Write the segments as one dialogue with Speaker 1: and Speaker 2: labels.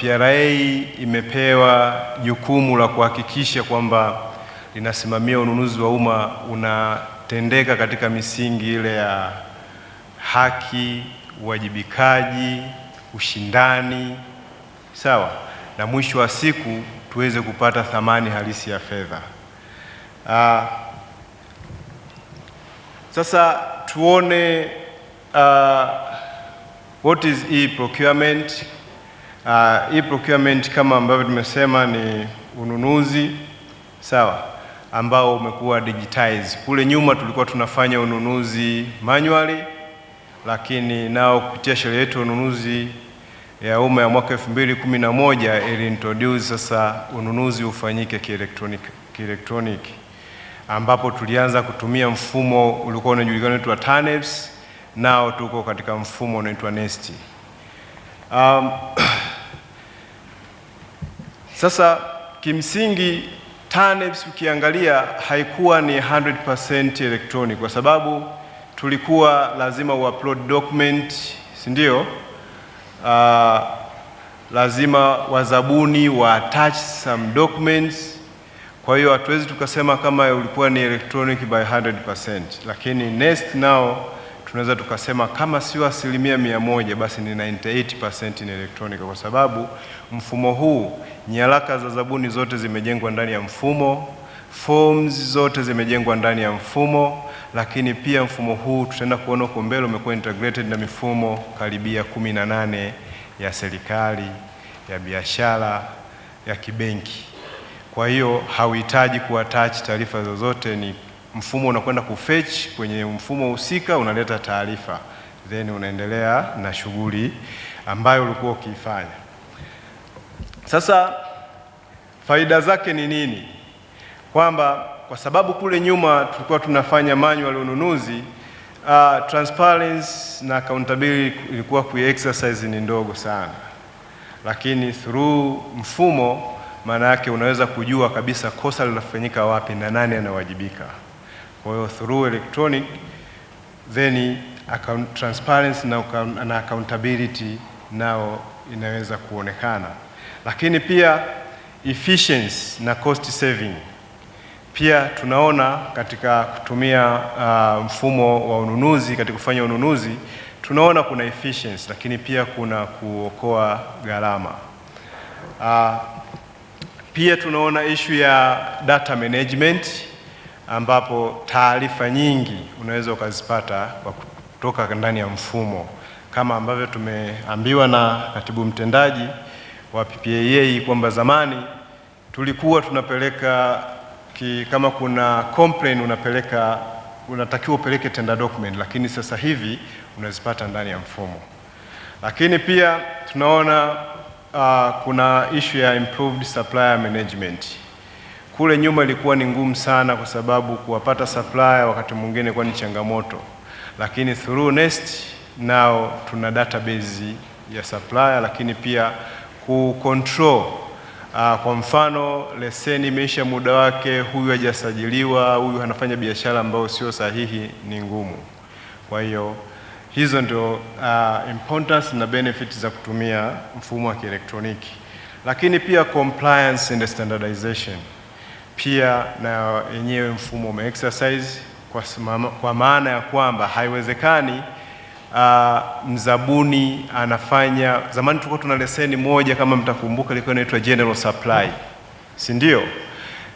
Speaker 1: PRA imepewa jukumu la kuhakikisha kwamba linasimamia ununuzi wa umma unatendeka katika misingi ile ya haki, uwajibikaji, ushindani, sawa, na mwisho wa siku tuweze kupata thamani halisi ya fedha. Uh, sasa tuone uh, what is e-procurement Ah, hii procurement kama ambavyo tumesema ni ununuzi sawa, ambao umekuwa digitized. Kule nyuma tulikuwa tunafanya ununuzi manually, lakini nao kupitia sheria yetu ununuzi ya umma ya mwaka 2011 ilintroduce sasa ununuzi ufanyike kielektroniki kielektroniki, ambapo tulianza kutumia mfumo ulikuwa unajulikana unaitwa TANePS, nao tuko katika mfumo unaitwa NeST. Um, sasa kimsingi TANEPS ukiangalia haikuwa ni 100% electronic kwa sababu tulikuwa lazima uupload document, si ndio? Uh, lazima wazabuni wa attach some documents. Kwa hiyo hatuwezi tukasema kama ulikuwa ni electronic by 100%, lakini NeST nao tunaweza tukasema kama sio asilimia mia moja basi ni 98% ni elektronika, kwa sababu mfumo huu, nyaraka za zabuni zote zimejengwa ndani ya mfumo, forms zote zimejengwa ndani ya mfumo, lakini pia mfumo huu tutaenda kuona huko mbele umekuwa integrated na mifumo karibia 18 ya serikali, ya biashara, ya kibenki. Kwa hiyo hauhitaji kuattach taarifa zozote, ni mfumo unakwenda kufetch kwenye mfumo husika, unaleta taarifa then unaendelea na shughuli ambayo ulikuwa ukiifanya. Sasa faida zake ni nini? Kwamba kwa sababu kule nyuma tulikuwa tunafanya manual ununuzi, uh, transparency na accountability ilikuwa kuexercise ni ndogo sana, lakini through mfumo maana yake unaweza kujua kabisa kosa linafanyika wapi na nani anawajibika. Kwa hiyo through electronic then account transparency na accountability nao inaweza kuonekana, lakini pia efficiency na cost saving pia tunaona katika kutumia uh, mfumo wa ununuzi katika kufanya ununuzi tunaona kuna efficiency, lakini pia kuna kuokoa gharama uh, pia tunaona issue ya data management ambapo taarifa nyingi unaweza ukazipata kwa kutoka ndani ya mfumo kama ambavyo tumeambiwa na katibu mtendaji wa PPAA kwamba zamani tulikuwa tunapeleka ki, kama kuna complaint unapeleka unatakiwa upeleke tender document, lakini sasa hivi unazipata ndani ya mfumo. Lakini pia tunaona uh, kuna issue ya improved supplier management kule nyuma ilikuwa ni ngumu sana, kwa sababu kuwapata supplier wakati mwingine kwa ni changamoto, lakini through Nest nao tuna database ya supplier, lakini pia control Uh, kwa mfano leseni imeisha muda wake, huyu hajasajiliwa, huyu anafanya biashara ambayo sio sahihi, ni ngumu. Kwa hiyo hizo ndio uh, importance na benefits za kutumia mfumo wa kielektroniki, lakini pia compliance and standardization pia na yenyewe mfumo ume exercise kwa, kwa maana ya kwamba haiwezekani uh, mzabuni anafanya. Zamani tulikuwa tuna leseni moja, kama mtakumbuka, ilikuwa inaitwa general supply, si ndio?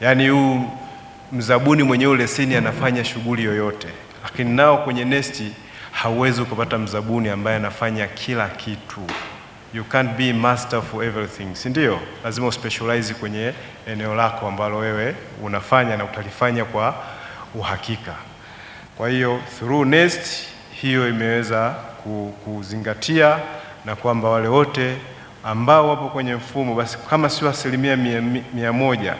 Speaker 1: Yaani huu mzabuni mwenyewe leseni anafanya shughuli yoyote, lakini nao kwenye nesti hauwezi ukapata mzabuni ambaye anafanya kila kitu you can't be master for everything, si ndio? Lazima uspecialize kwenye eneo lako ambalo wewe unafanya na utalifanya kwa uhakika. Kwa hiyo through NeST hiyo imeweza kuzingatia na kwamba wale wote ambao wapo kwenye mfumo basi kama sio asilimia mia, mia moja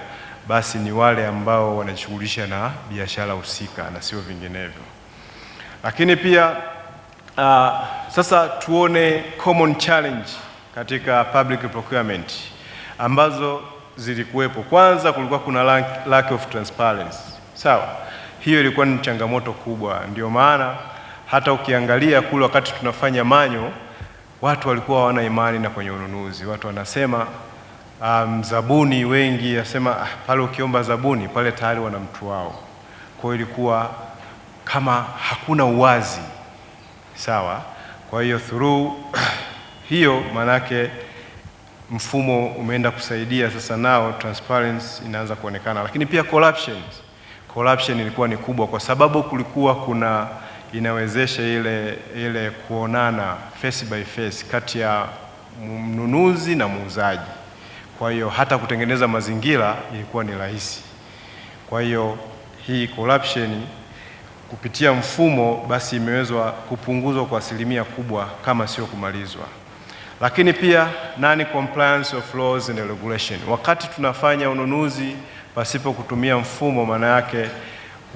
Speaker 1: basi ni wale ambao wanajishughulisha na biashara husika na sio vinginevyo, lakini pia Uh, sasa tuone common challenge katika public procurement ambazo zilikuwepo. Kwanza kulikuwa kuna lack of transparency. Sawa, hiyo ilikuwa ni changamoto kubwa, ndio maana hata ukiangalia kule wakati tunafanya manyo, watu walikuwa hawana imani na kwenye ununuzi. Watu wanasema um, zabuni wengi asema ah, pale ukiomba zabuni pale tayari wana mtu wao. Kwa hiyo ilikuwa kama hakuna uwazi sawa. Kwa hiyo through hiyo maanake mfumo umeenda kusaidia sasa, nao transparency inaanza kuonekana, lakini pia corruption. Corruption ilikuwa ni kubwa kwa sababu kulikuwa kuna inawezesha ile, ile kuonana face by face kati ya mnunuzi na muuzaji. Kwa hiyo hata kutengeneza mazingira ilikuwa ni rahisi. Kwa hiyo hii corruption kupitia mfumo basi imewezwa kupunguzwa kwa asilimia kubwa kama sio kumalizwa. Lakini pia non compliance of laws and regulation, wakati tunafanya ununuzi pasipo kutumia mfumo, maana yake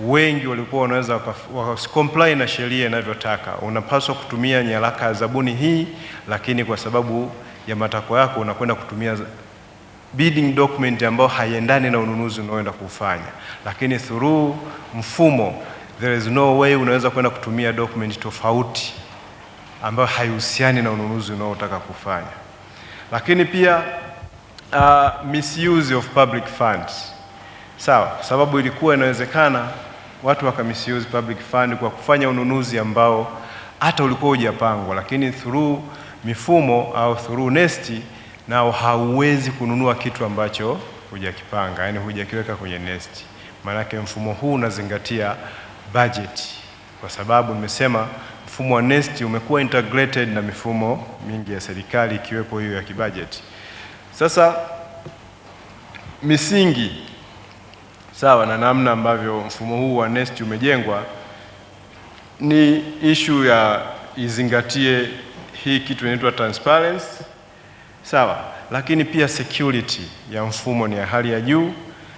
Speaker 1: wengi walikuwa wanaweza wakascomply na sheria inavyotaka. Unapaswa kutumia nyaraka ya zabuni hii, lakini kwa sababu ya matakwa yako unakwenda kutumia bidding document ambayo haiendani na ununuzi unaoenda kufanya, lakini through mfumo there is no way unaweza kwenda kutumia document tofauti ambayo haihusiani na ununuzi unaotaka kufanya. Lakini pia uh, misuse of public funds sawa, kwa sababu ilikuwa inawezekana watu waka misuse public fund kwa kufanya ununuzi ambao hata ulikuwa hujapangwa, lakini through mifumo au through nesti nao hauwezi kununua kitu ambacho hujakipanga, yani hujakiweka kwenye nesti. Maanake mfumo huu unazingatia budget, kwa sababu nimesema mfumo wa NeST umekuwa integrated na mifumo mingi ya serikali ikiwepo hiyo ya kibajeti. Sasa misingi sawa na namna ambavyo mfumo huu wa NeST umejengwa ni ishu ya izingatie hii kitu inaitwa transparency, sawa, lakini pia security ya mfumo ni ya hali ya juu,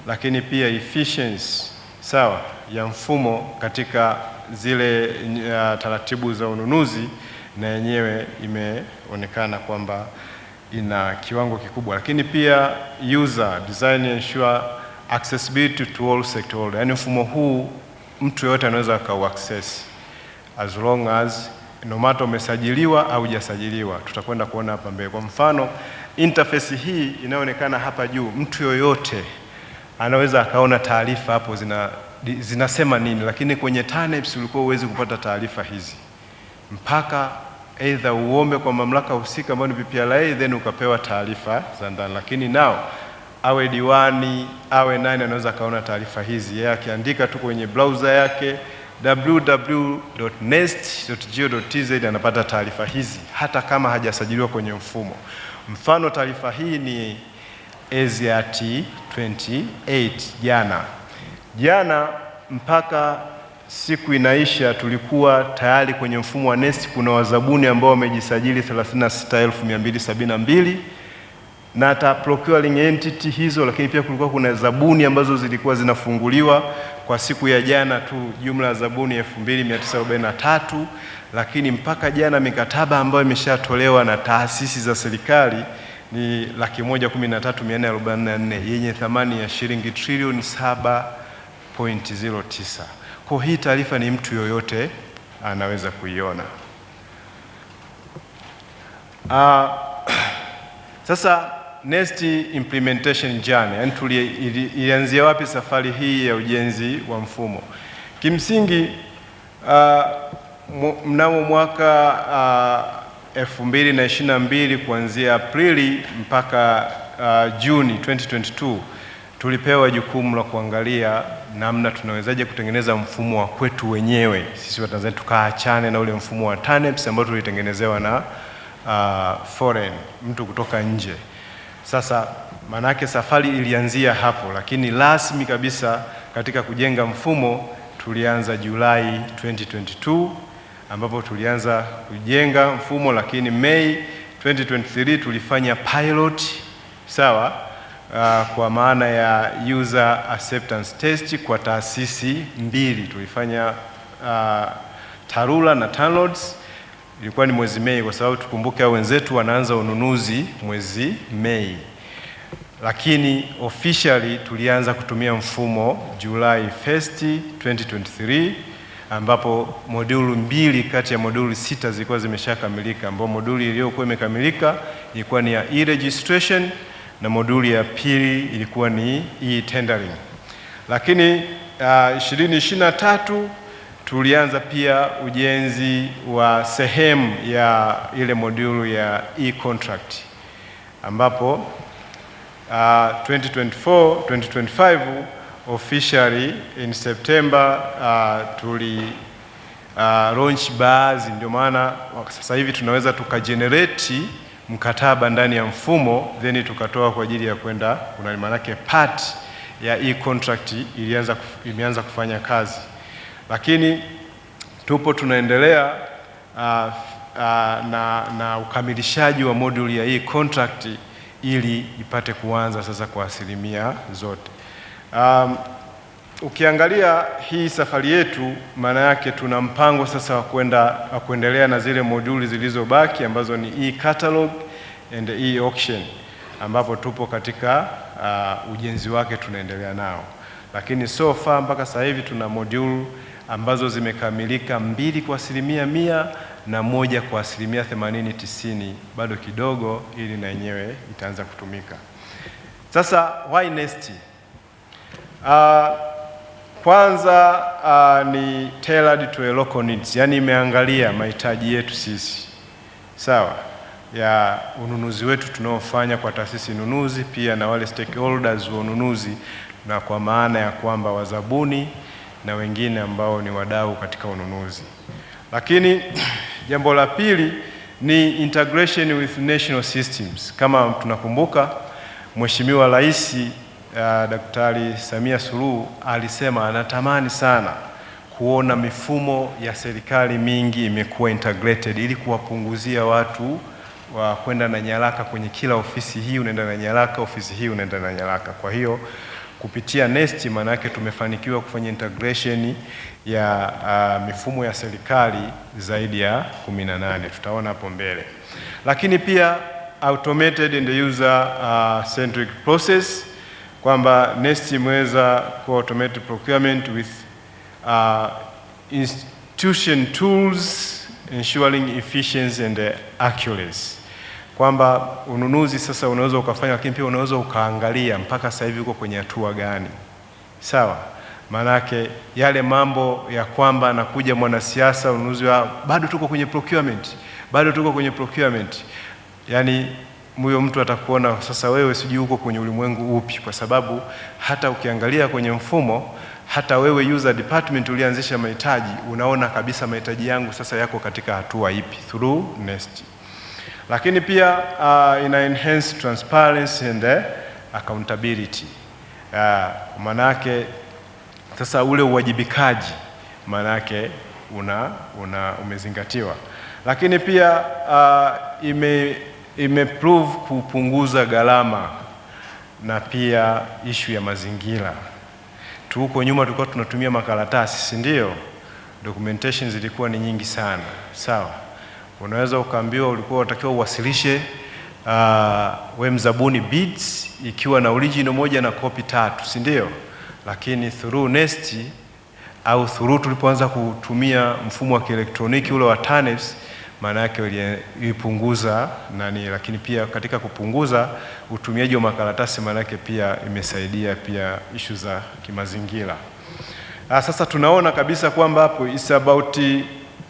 Speaker 1: lakini pia efficiency sawa ya mfumo katika zile uh, taratibu za ununuzi na yenyewe imeonekana kwamba ina kiwango kikubwa, lakini pia user design ensure accessibility to all sector yani mfumo huu mtu yoyote anaweza access as long as no matter umesajiliwa au hujasajiliwa. Tutakwenda kuona hapa mbele, kwa mfano interface hii inayoonekana hapa juu, mtu yoyote anaweza akaona taarifa hapo zina, zinasema nini, lakini kwenye TANEPS ulikuwa huwezi kupata taarifa hizi mpaka aidha uombe kwa mamlaka husika ambayo ni PPRA then ukapewa taarifa za ndani, lakini nao awe diwani awe nani anaweza akaona taarifa hizi, yeye akiandika tu kwenye browser yake www.nest.go.tz anapata taarifa hizi hata kama hajasajiliwa kwenye mfumo. Mfano, taarifa hii ni ASIAT 28 jana jana mpaka siku inaisha tulikuwa tayari kwenye mfumo wa NeST kuna wazabuni ambao wamejisajili 36272 na ta procuring entity hizo, lakini pia kulikuwa kuna zabuni ambazo zilikuwa zinafunguliwa kwa siku ya jana tu, jumla ya zabuni 2943 lakini mpaka jana mikataba ambayo imeshatolewa na taasisi za serikali ni laki moja kumi na tatu mia nne arobaini na nne yenye thamani ya shilingi trilioni 7.09. Kwa hii taarifa ni mtu yoyote anaweza kuiona. Uh, sasa next implementation journey, yani ilianzia wapi safari hii ya ujenzi wa mfumo? Kimsingi uh, mnamo mwaka uh, 2022 kuanzia Aprili mpaka uh, Juni 2022 tulipewa jukumu la kuangalia namna tunawezaje kutengeneza mfumo wa kwetu wenyewe sisi Watanzania tukaachane na ule mfumo wa TANEPS ambao tulitengenezewa na uh, foreign mtu kutoka nje. Sasa maanake safari ilianzia hapo, lakini rasmi kabisa katika kujenga mfumo tulianza Julai 2022 ambapo tulianza kujenga mfumo, lakini Mei 2023 tulifanya pilot sawa, uh, kwa maana ya user acceptance test kwa taasisi mbili tulifanya uh, TARURA na TANROADS. Ilikuwa ni mwezi Mei kwa sababu tukumbuke hao wenzetu wanaanza ununuzi mwezi Mei, lakini officially tulianza kutumia mfumo Julai 1st 2023 ambapo moduli mbili kati ya modulu sita zilikuwa zimeshakamilika, ambapo moduli iliyokuwa imekamilika ilikuwa ni ya e-registration na moduli ya pili ilikuwa ni e-tendering. Lakini uh, 2023 tulianza pia ujenzi wa sehemu ya ile modulu ya e-contract ambapo uh, 2024 2025 officially in September uh, tuli uh, launch baadhi, ndio maana sasa hivi tunaweza tukajenereti mkataba ndani ya mfumo then tukatoa kwa ajili ya kwenda kuna maanake part ya e contract ilianza imeanza kufanya kazi, lakini tupo tunaendelea uh, uh, na, na ukamilishaji wa moduli ya e contract ili ipate kuanza sasa kwa asilimia zote. Um, ukiangalia hii safari yetu, maana yake tuna mpango sasa wa kwenda wa kuendelea na zile moduli zilizobaki ambazo ni e-catalog and e-auction, ambapo tupo katika uh, ujenzi wake tunaendelea nao, lakini so far mpaka sasa hivi tuna module ambazo zimekamilika mbili kwa asilimia mia na moja kwa asilimia themanini tisini, bado kidogo, ili na yenyewe itaanza kutumika. Sasa why NeST? Uh, kwanza uh, ni tailored to local needs, yaani imeangalia mahitaji yetu sisi sawa, ya ununuzi wetu tunaofanya kwa taasisi nunuzi, pia na wale stakeholders wa ununuzi, na kwa maana ya kwamba wazabuni na wengine ambao ni wadau katika ununuzi. Lakini jambo la pili ni integration with national systems. Kama tunakumbuka Mheshimiwa Rais uh, Daktari Samia Suluhu alisema anatamani sana kuona mifumo ya serikali mingi imekuwa integrated ili kuwapunguzia watu wa kwenda na nyaraka kwenye kila ofisi, hii unaenda na nyaraka, ofisi hii unaenda na nyaraka. Kwa hiyo kupitia NeST maana yake tumefanikiwa kufanya integration ya uh, mifumo ya serikali zaidi ya 18 tutaona hapo mbele, lakini pia automated and user uh, centric process kwamba NeST imeweza ku automate procurement with uh, institution tools ensuring efficiency and accuracy, kwamba ununuzi sasa unaweza ukafanya, lakini pia unaweza ukaangalia mpaka sasa hivi uko kwenye hatua gani. Sawa, maanake yale mambo ya kwamba anakuja mwanasiasa ununuzi wa bado tuko kwenye procurement, bado tuko kwenye procurement, yani huyo mtu atakuona sasa, wewe sijui uko kwenye ulimwengu upi, kwa sababu hata ukiangalia kwenye mfumo, hata wewe user department ulianzisha mahitaji, unaona kabisa mahitaji yangu sasa yako katika hatua ipi through Nest. Lakini pia uh, ina enhance transparency and eh, accountability uh, manake sasa ule uwajibikaji manake una, una umezingatiwa, lakini pia uh, ime imeprove kupunguza gharama na pia ishu ya mazingira. Tu huko nyuma tulikuwa tunatumia makaratasi, si ndio? Documentation zilikuwa ni nyingi sana, sawa. Unaweza ukaambiwa ulikuwa unatakiwa uwasilishe uh, we mzabuni bids ikiwa na original moja na kopi tatu, si ndio? Lakini through Nesti au through tulipoanza kutumia mfumo wa kielektroniki ule wa TANePS maana yake ilipunguza nani, lakini pia katika kupunguza utumiaji wa makaratasi, maana yake pia imesaidia pia ishu za kimazingira. Ah, sasa tunaona kabisa kwamba hapo is about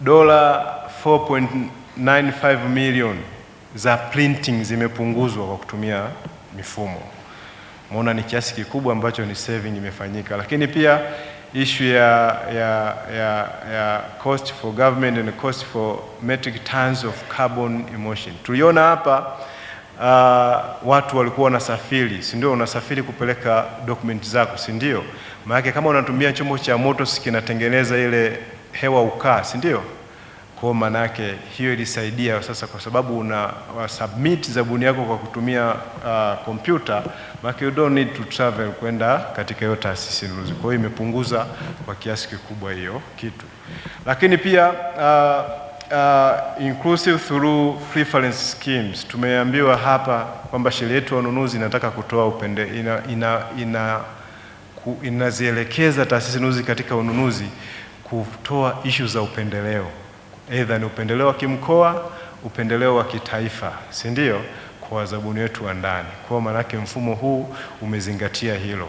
Speaker 1: dola 4.95 million za printing zimepunguzwa kwa kutumia mifumo. Umeona ni kiasi kikubwa ambacho ni saving imefanyika, lakini pia issue ya, ya, ya, ya cost for government and cost for metric tons of carbon emission. Tuliona hapa uh, watu walikuwa wanasafiri, si ndio? Unasafiri kupeleka document zako, si ndio? Maana kama unatumia chombo cha moto kinatengeneza ile hewa ukaa, si ndio? Kwa yake hiyo ilisaidia sasa, kwa sababu una submit zabuni yako kwa kutumia kompyuta, uh, maana you don't need to travel kwenda katika hiyo taasisi nunuzi. Kwa hiyo imepunguza kwa kiasi kikubwa hiyo kitu, lakini pia uh, uh, inclusive through preference schemes. Tumeambiwa hapa kwamba sheria yetu ya ununuzi inataka kutoa upende, ina, ina, ina, inazielekeza taasisi nunuzi katika ununuzi kutoa ishu za upendeleo Aidha ni upendeleo wa kimkoa, upendeleo wa kitaifa, si ndio? Kwa wazabuni wetu wa ndani. Kwa maana yake mfumo huu umezingatia hilo.